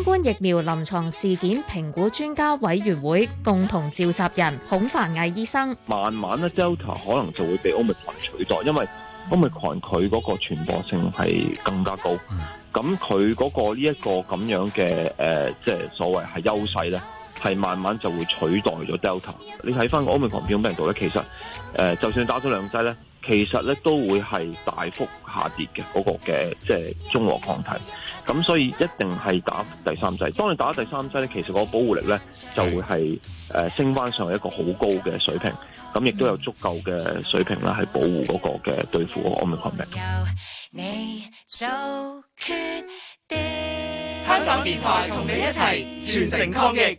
新冠疫苗臨床事件評估專家委員會共同召集人孔凡毅醫生，慢慢咧，Delta 可能就會被 omicron 取代，因為 omicron 佢嗰個傳播性係更加高，咁佢嗰個呢一個咁樣嘅誒、呃，即係所謂係優勢咧，係慢慢就會取代咗 Delta。你睇翻個 omicron 疫苗病毒咧，其實誒、呃，就算打咗兩劑咧。其實咧都會係大幅下跌嘅，嗰、那個嘅即係中和抗體，咁所以一定係打第三劑。當你打第三劑咧，其實個保護力咧就會係誒、呃、升翻上去一個好高嘅水平，咁亦都有足夠嘅水平啦，係保護嗰個嘅對付嗰個安民。香港電台同你一齊全城抗疫。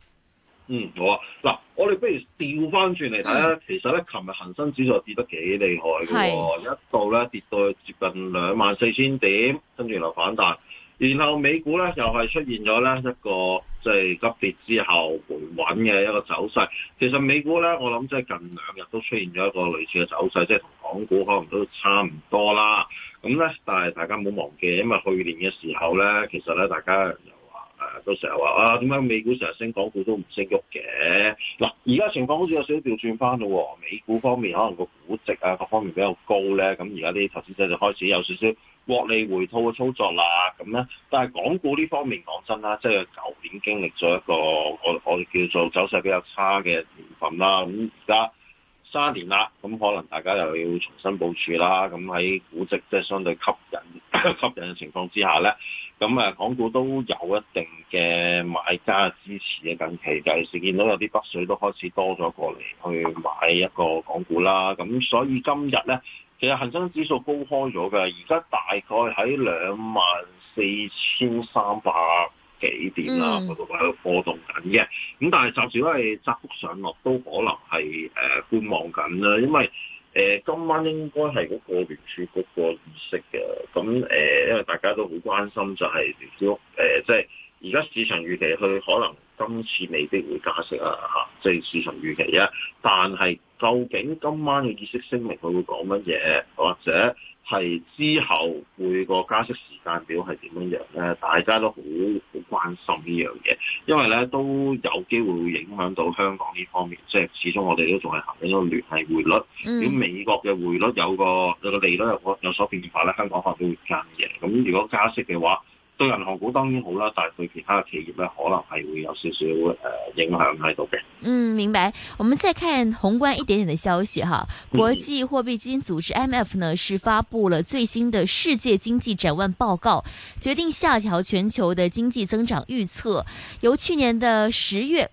嗯，好啊。嗱，我哋不如調翻轉嚟睇啦。的其實咧，琴日恒生指數跌得幾厲害嘅喎，的一度咧跌到接近兩萬四千點，跟住嚟反彈。然後美股咧又係出現咗咧一個即係、就是、急跌之後回穩嘅一個走勢。其實美股咧，我諗即係近兩日都出現咗一個類似嘅走勢，即係同港股可能都差唔多啦。咁咧，但係大家唔好忘記，因為去年嘅時候咧，其實咧大家。都成日話啊，點解美股成日升，港股都唔升喐嘅。嗱，而家情況好似有少少調轉翻咯。美股方面，可能個估值啊各方面比較高咧，咁而家啲投資者就開始有少少獲利回吐嘅操作啦。咁咧，但係港股呢方面講真啦，即係舊年經歷咗一個我我哋叫做走勢比較差嘅年份啦。咁而家。三年啦，咁可能大家又要重新部署啦。咁喺估值即係相對吸引吸引嘅情況之下呢，咁啊，港股都有一定嘅買家支持嘅。近期尤其是見到有啲北水都開始多咗過嚟去買一個港股啦。咁所以今日呢，其實恒生指數高開咗嘅，而家大概喺兩萬四千三百。嗯、幾點啦？嗰度喺度波動緊嘅，咁但係暫時都係窄幅上落，都可能係觀望緊啦。因為、呃、今晚應該係嗰個聯儲局個議息嘅，咁、呃、因為大家都好關心、就係呃，就係聯儲局呃即係而家市場預期去可能。今次未必會加息啊，嚇！即係市場預期啊，但係究竟今晚嘅議息聲明佢會講乜嘢，或者係之後會個加息時間表係點樣樣咧？大家都好好關心呢樣嘢，因為咧都有機會會影響到香港呢方面。即係始終我哋都仲係行緊一個聯繫匯率，咁、嗯、美國嘅匯率有個有個利率有個有所變化咧，香港可能會更嘅。咁如果加息嘅話，對銀行股當然好啦，但係對其他企業咧，可能係會有少少誒、呃、影響喺度嘅。嗯，明白。我們再看宏觀一點點嘅消息哈，國際貨幣基金組織 IMF 呢是發佈了最新的世界經濟展望報告，決定下調全球的經濟增長預測，由去年的十月。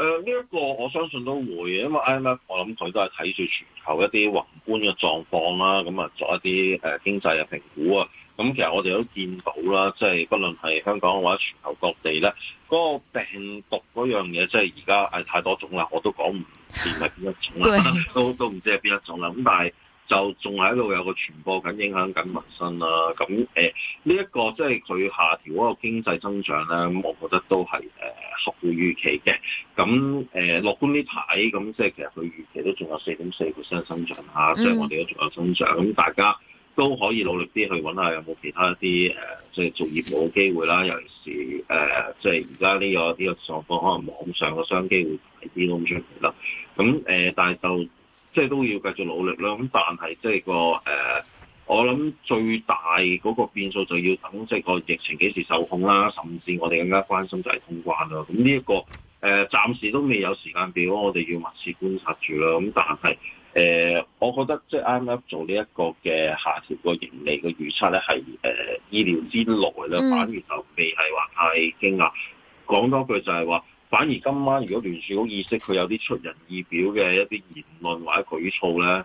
誒呢一個我相信都會，因為 IMF 我諗佢都係睇住全球一啲宏觀嘅狀況啦，咁啊做一啲誒經濟嘅評估啊。咁、嗯、其實我哋都見到啦，即、就、係、是、不論係香港或者全球各地咧，嗰、那個病毒嗰樣嘢，即係而家係太多種啦，我都講唔掂係邊一種啦對，都都唔知係邊一種啦。咁但係就仲喺度有個傳播緊，影響緊民生啦、啊。咁誒呢一個即係佢下調嗰個經濟增長咧，咁我覺得都係合乎預期嘅。咁誒樂觀呢排咁，即係其實佢預期都仲有四點四個新增長下即係我哋都仲有增長。咁大家都可以努力啲去揾下有冇其他一啲誒，即係做業務嘅機會啦。尤其是誒，即係而家呢個呢、呢個狀況，可能網上嘅商機會大啲咁出嚟啦。咁誒，但係就。即係都要繼續努力啦，咁但係即係個誒、呃，我諗最大嗰個變數就要等即係個疫情幾時受控啦，甚至我哋更加關心就係通關啦。咁呢一個誒、呃，暫時都未有時間表，我哋要密切觀察住啦。咁但係誒、呃，我覺得即係 IMF 做呢一個嘅下調個盈利嘅預測咧，係誒意料之內啦，反而就未係話太驚訝。講多句就係話。反而今晚如果聯柱好意識，佢有啲出人意表嘅一啲言論或者舉措咧。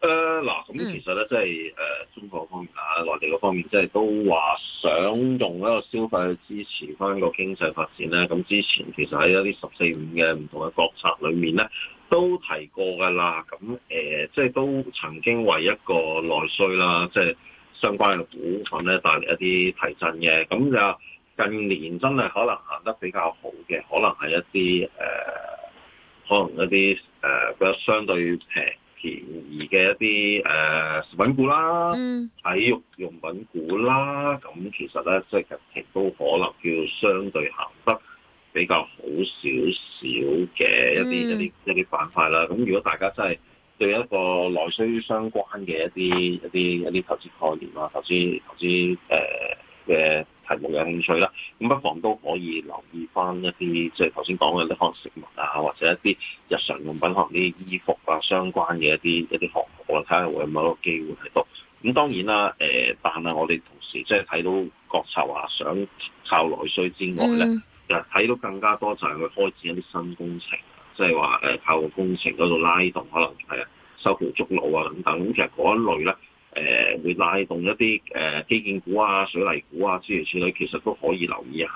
誒，嗱、呃，咁其實咧，即係誒，中國方面啊，內地嗰方面，即係都話想用一個消費去支持翻個經濟發展咧。咁之前其實喺一啲十四五嘅唔同嘅國策裏面咧，都提過噶啦。咁誒，即係都曾經為一個內需啦，即係相關嘅股份咧，帶嚟一啲提振嘅。咁就近年真係可能行得比較好嘅，可能係一啲誒、呃，可能一啲誒、呃，比較相對平。便宜嘅一啲誒、呃、食品股啦，嗯、體育用品股啦，咁其實咧，即係近期都可能叫相對行得比較好少少嘅一啲、嗯、一啲一啲板塊啦。咁如果大家真係對一個內需相關嘅一啲一啲一啲投資概念啊，投資投資誒嘅。呃係冇有興趣啦，咁不妨都可以留意翻一啲，即係頭先講嘅呢啲可能食物啊，或者一啲日常用品，可能啲衣服啊相關嘅一啲一啲行業啦，睇下會唔會有機會喺度。咁當然啦，但係我哋同時即係睇到國策話想靠內需之外咧，睇、mm. 到更加多就係去開展一啲新工程，即係話誒靠個工程嗰度拉動，可能係啊，修橋築路啊等等，其實嗰一類咧。誒、呃，會拉動一啲呃基建股啊、水泥股啊之類之類，其實都可以留意一下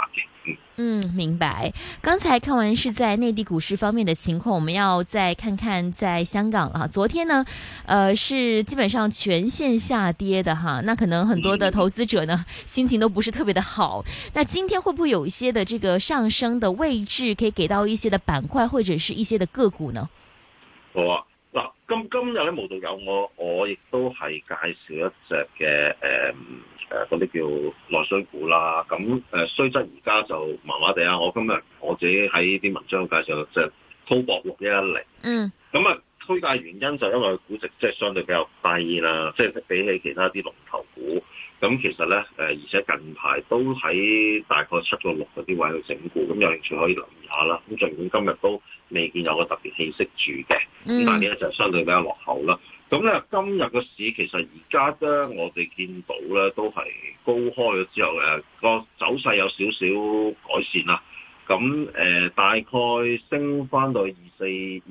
嘅。嗯，明白。剛才看完是在內地股市方面的情況，我們要再看看在香港啊。昨天呢，呃，是基本上全綫下跌的哈，那可能很多的投資者呢、嗯、心情都不是特別的好。那今天會不會有一些的這個上升的位置，可以給到一些的板塊或者是一些的個股呢？我、哦。今今日咧，無道有我我亦都係介紹一隻嘅誒嗰啲叫內需股啦。咁誒，雖則而家就麻麻地啊，我今日我自己喺啲文章介紹隻滔搏六一一零。就是、嗯。咁啊，推介原因就因為佢估值即係相對比較低啦，即、就、係、是、比起其他啲龍頭股。咁其實咧，誒，而且近排都喺大概七個六嗰啲位去整固，咁有興趣可以留意下啦。咁儘管今日都未見有個特別氣息住嘅，嗯、但呢一就相對比較落後啦。咁咧今日個市其實而家咧，我哋見到咧都係高開咗之後，個走勢有少少改善啦。咁、呃、大概升翻到二四二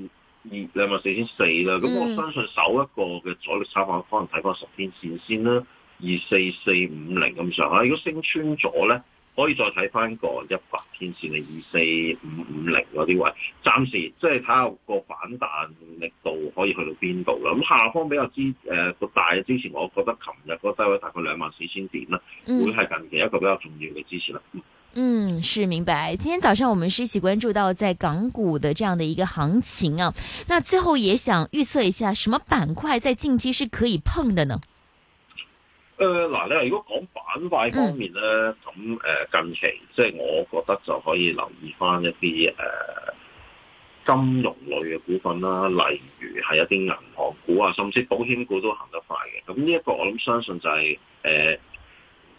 二兩萬四千四啦。咁、嗯、我相信首一個嘅阻力參考，可能睇翻十天線先啦。二四四五零咁上下，如果升穿咗咧，可以再睇翻個一百天線嘅二四五五零嗰啲位。暫時即係睇下個反彈力度可以去到邊度啦。咁下方比較支誒個大嘅支持，我覺得琴日嗰個低位大概兩萬四千點啦，會係近期一個比較重要嘅支持啦。嗯，嗯，是明白。今天早上我們是一起關注到在港股的這樣的一個行情啊。那最後也想預測一下，什麼板塊在近期是可以碰的呢？誒嗱，你如果講板塊方面咧，咁近期即係我覺得就可以留意翻一啲誒金融類嘅股份啦，例如係一啲銀行股啊，甚至保險股都行得快嘅。咁呢一個我諗相信就係誒，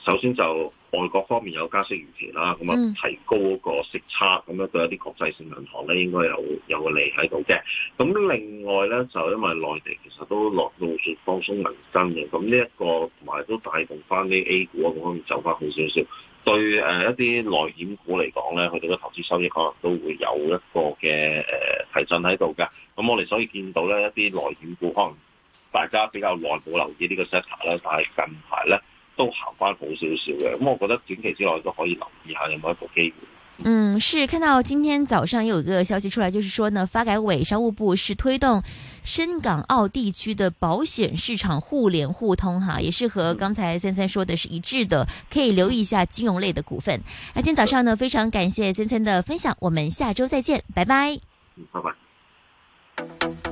首先就。外國方面有加息預期啦，咁啊提高嗰個息差，咁樣對一啲國際性銀行咧應該有有個利喺度嘅。咁另外咧就因為內地其實都落陸續放鬆銀根嘅，咁呢一個同埋都帶動翻啲 A 股啊咁方面走翻好少少，對一啲內險股嚟講咧，佢哋嘅投資收益可能都會有一個嘅、呃、提振喺度嘅。咁我哋所以見到咧一啲內險股可能大家比較耐冇留意個 ctor, 呢個 sector 啦，但係近排咧。都行翻好少少嘅，咁我覺得短期之內都可以留意下有冇一個機會。嗯，是，看到今天早上有一個消息出來，就是說呢，發改委、商務部是推動深港澳地區的保險市場互聯互通，哈，也是和剛才森森說的是一致的，可以留意一下金融類的股份。那，今天早上呢，的非常感謝森森的分享，我們下週再見，拜拜。拜拜。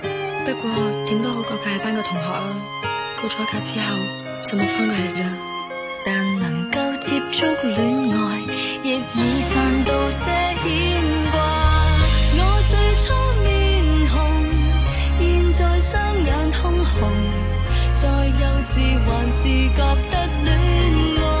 不過，點都好過介班個同學啊！告咗假之後，就冇翻過嚟啦。但能夠接觸戀愛，亦已賺到些牽掛。我最初面紅，現在雙眼通紅，再幼稚還是覺得戀愛。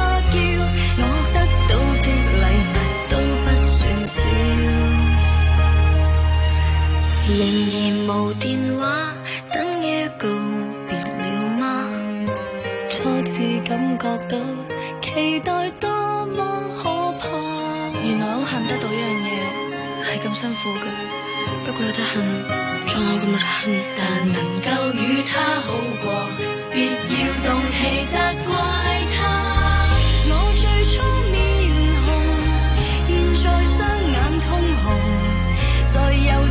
仍然無電話，等於告別了嗎？初次感覺到期待多麼可怕。原來好恨得到一樣嘢，係咁辛苦嘅。不過有得恨，仲有咁冇得恨。但能夠與他好過，別要動氣責怪他。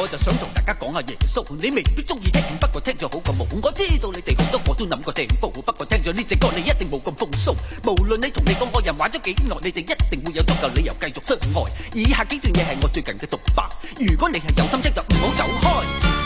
我就想同大家講下耶穌，你未必中意聽，不過聽咗好過冇。我知道你哋好多，我都諗過訂婚，不過聽咗呢隻歌，你一定冇咁風騷。 無論你同你個愛人玩咗幾耐，你哋一定會有足夠理由繼續相愛。以下幾段嘢係我最近嘅獨白，如果你係有心聽就唔好走開。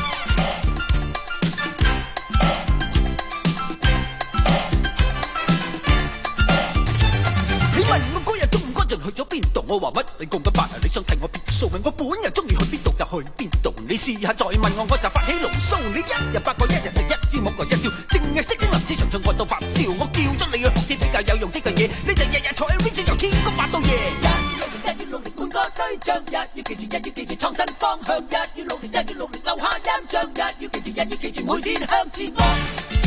去咗邊度？我話乜？你共緊乜？你想替我辯？素未我本人中意去邊度就去邊度。你試下再問我，我就發起牢騷。你一日發個，一日食一支，五日一朝，整日識得立志上進，學到發燒。我叫咗你去學啲比較有用啲嘅嘢，你就日日坐喺 v c 由天光發到夜。日要努力，日要努力，換個對象。日要記住，日要記住，創新方向。日要努力，日要努力，留下印象。日要記住，日要記住，每天向前望。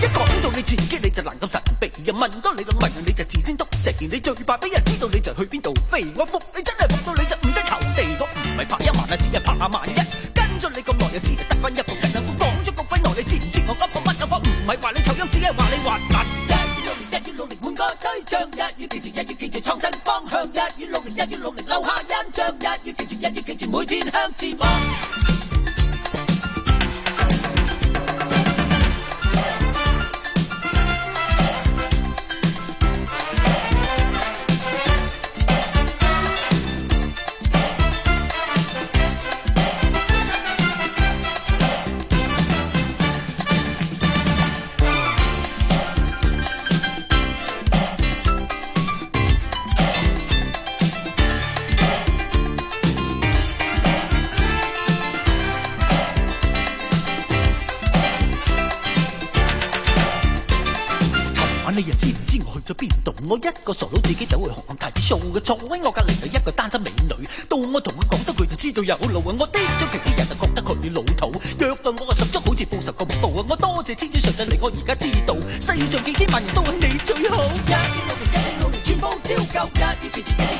一講到你刺激，你就難禁神秘；人問到你咁問你，你就自尊獨立。你最怕俾人知道，你就去邊度飛？我服你真係服到你就唔得頭。地哥唔係拍一萬啊，只係拍萬一。跟咗你咁耐又知得翻一個人。講咗咁鬼耐，你知唔知我講過乜？唔係話你醜樣，只係話你話。一月努力，一月努力，換個對象；一月記住，一月記住，創新方向；一月努力，一月努力，留下印象；一月記住，一月記住，每天向前望。我一個傻佬自己走去紅紅睇數嘅，坐喺我隔籬係一個單身美女，到我同佢講得句就知道有路啊！我睇咗佢啲人，就覺得佢老土，約到我啊十足好似報十個布啊！我多謝天子上帝，令我而家知道，世上幾千萬人都係你最好，一天我嚟，一天我全部照舊，一天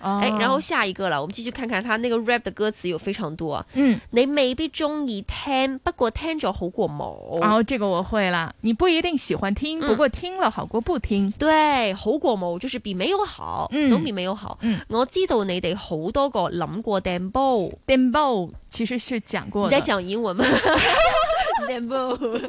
哦、然後下一個了，我們繼續看看他那個 rap 的歌詞有非常多。嗯，你未必中意聽，不過聽着好過冇。然後、哦、這個我會啦，你不一定喜歡聽，不過聽了好過不聽。嗯、對，好過冇就是比沒有好，嗯、總比沒有好。嗯、我知道你哋好多個諗過 demo，demo 其實是講過。你在講英文嗎？demo。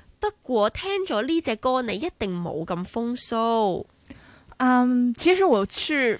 不過聽咗呢隻歌，你一定冇咁風騷。嗯，um, 其實我去。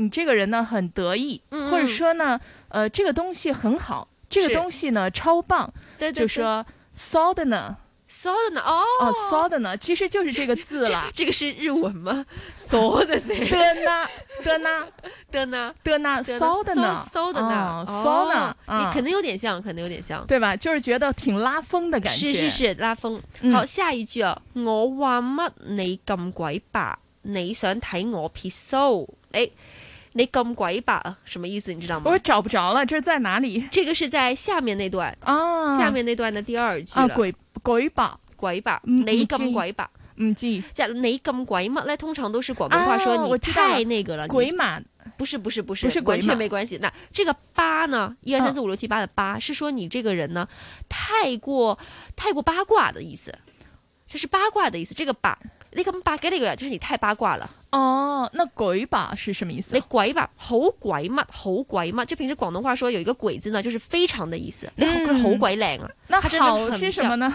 你這個人呢很得意，或者說呢，呃，這個東西很好，這個東西呢超棒，就說騷的呢，騷的呢，哦，騷的呢其實就是這個字了。這個是日文嗎？騷的呢，的呢，的呢，的呢，的呢，騷的呢，騷的呢，你可能有點像，可能有點像，對吧？就是覺得挺拉風的感覺。是是是，拉風。好，下一句啊，我話乜你咁鬼白，你想睇我撇騷，你。你咁鬼把什麼意思？你知道嗎？我找不着了，這是在哪裡？這個是在下面那段啊，下面那段的第二句啊。鬼鬼把鬼把，你咁鬼把，唔知。即係你咁鬼乜咧？那通常都是廣東話說你太那個了。鬼馬不是不是不是，不是完全沒關係。那這個八呢？一二三四五六七八的八，是說你這個人呢，太過太過八卦的意思。這是八卦的意思，這個八。你咁八嘅呢個呀？就是你太八卦啦。哦，那鬼吧是什麼意思啊？你鬼吧好鬼乜好鬼乜？就平時廣東話說有一個鬼字呢，就是非常的意思。嗯，你好鬼靚啊！那好指的是什麼呢？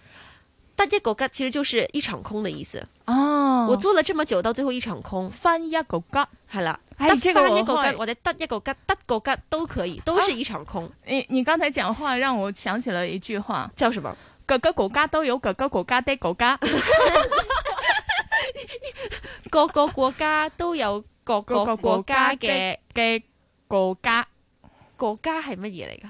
翻一個吉，其實就是一場空的意思哦。Oh, 我做了這麼久，到最後一場空。翻一個吉，係啦了。但、哎、翻一國家個吉，或者得一個吉，得個吉都可以，都是一場空。啊、你你剛才講話讓我想起了一句話，叫什麼？各個國家都有各個國家的國家。 各個國家都有各個國家的國家的國家。國家，國家是乜嘢嚟噶？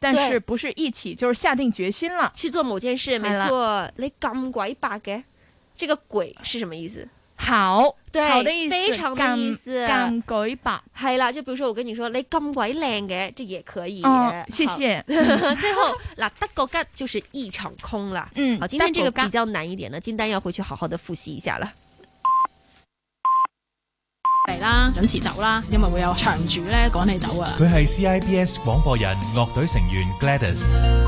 但是不是一起，就是下定決心了去做某件事。沒錯，你咁鬼白嘅，這個“鬼”是什麼意思？好，對，好的意思，非常的意思，咁鬼白。係啦，就比如說我跟你說，你咁鬼靚嘅，這也可以。謝謝。最後，嗱，得個吉就是一場空了。嗯，好，今天這個比較難一點呢，金丹要回去好好的復習一下了。嚟啦，準時走啦，因為會有長住咧趕你走啊！佢係 CIBS 廣播人，樂隊成員 Gladys。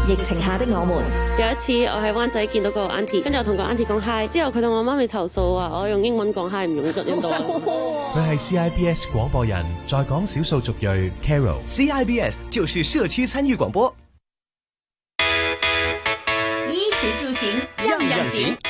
疫情下的我們，有一次我喺灣仔見到個 Auntie 跟住我同個 Auntie 講 hi 之後佢同我媽咪投訴話我用英文講 hi 唔用印度話。佢係 CIBS 廣播人，在講少數族裔 Carol。CIBS 就是社區參與廣播。衣食住行，樣樣行。應應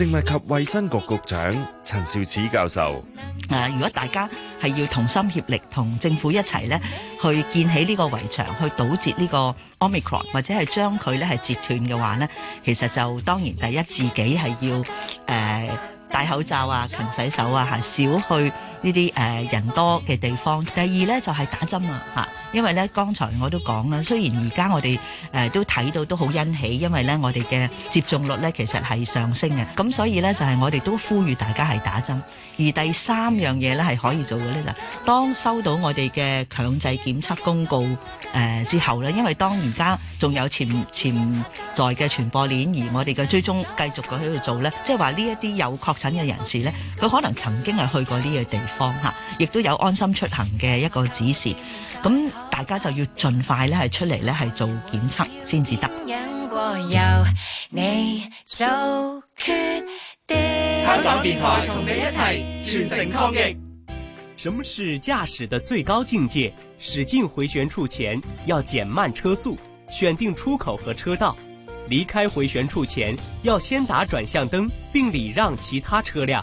食物及衛生局局長陳肇始教授：啊，如果大家係要同心協力，同政府一齊咧，去建起呢個圍牆，去堵截呢個 Omicron，或者係將佢咧係截斷嘅話咧，其實就當然第一自己係要誒、呃、戴口罩啊、勤洗手啊、少去，呢啲誒人多嘅地方，第二呢就係、是、打針啊吓，因為呢剛才我都講啦，雖然而家我哋誒、呃、都睇到都好欣喜，因為呢我哋嘅接種率呢其實係上升嘅，咁所以呢就係、是、我哋都呼籲大家係打針，而第三樣嘢呢係可以做嘅呢就是，當收到我哋嘅強制檢測公告誒、呃、之後呢，因為當而家仲有潛潛在嘅傳播鏈，而我哋嘅追蹤繼續嘅喺度做呢，即係話呢一啲有確診嘅人士呢，佢可能曾經係去過呢個地方。方嚇，亦都有安心出行嘅一個指示，咁大家就要盡快咧係出嚟咧係做檢測先至得。香港電台同你一齊全城抗疫。什麼是駕駛的最高境界？駛進回旋處前要減慢車速，選定出口和車道；離開回旋處前要先打轉向燈，並禮讓其他車輛。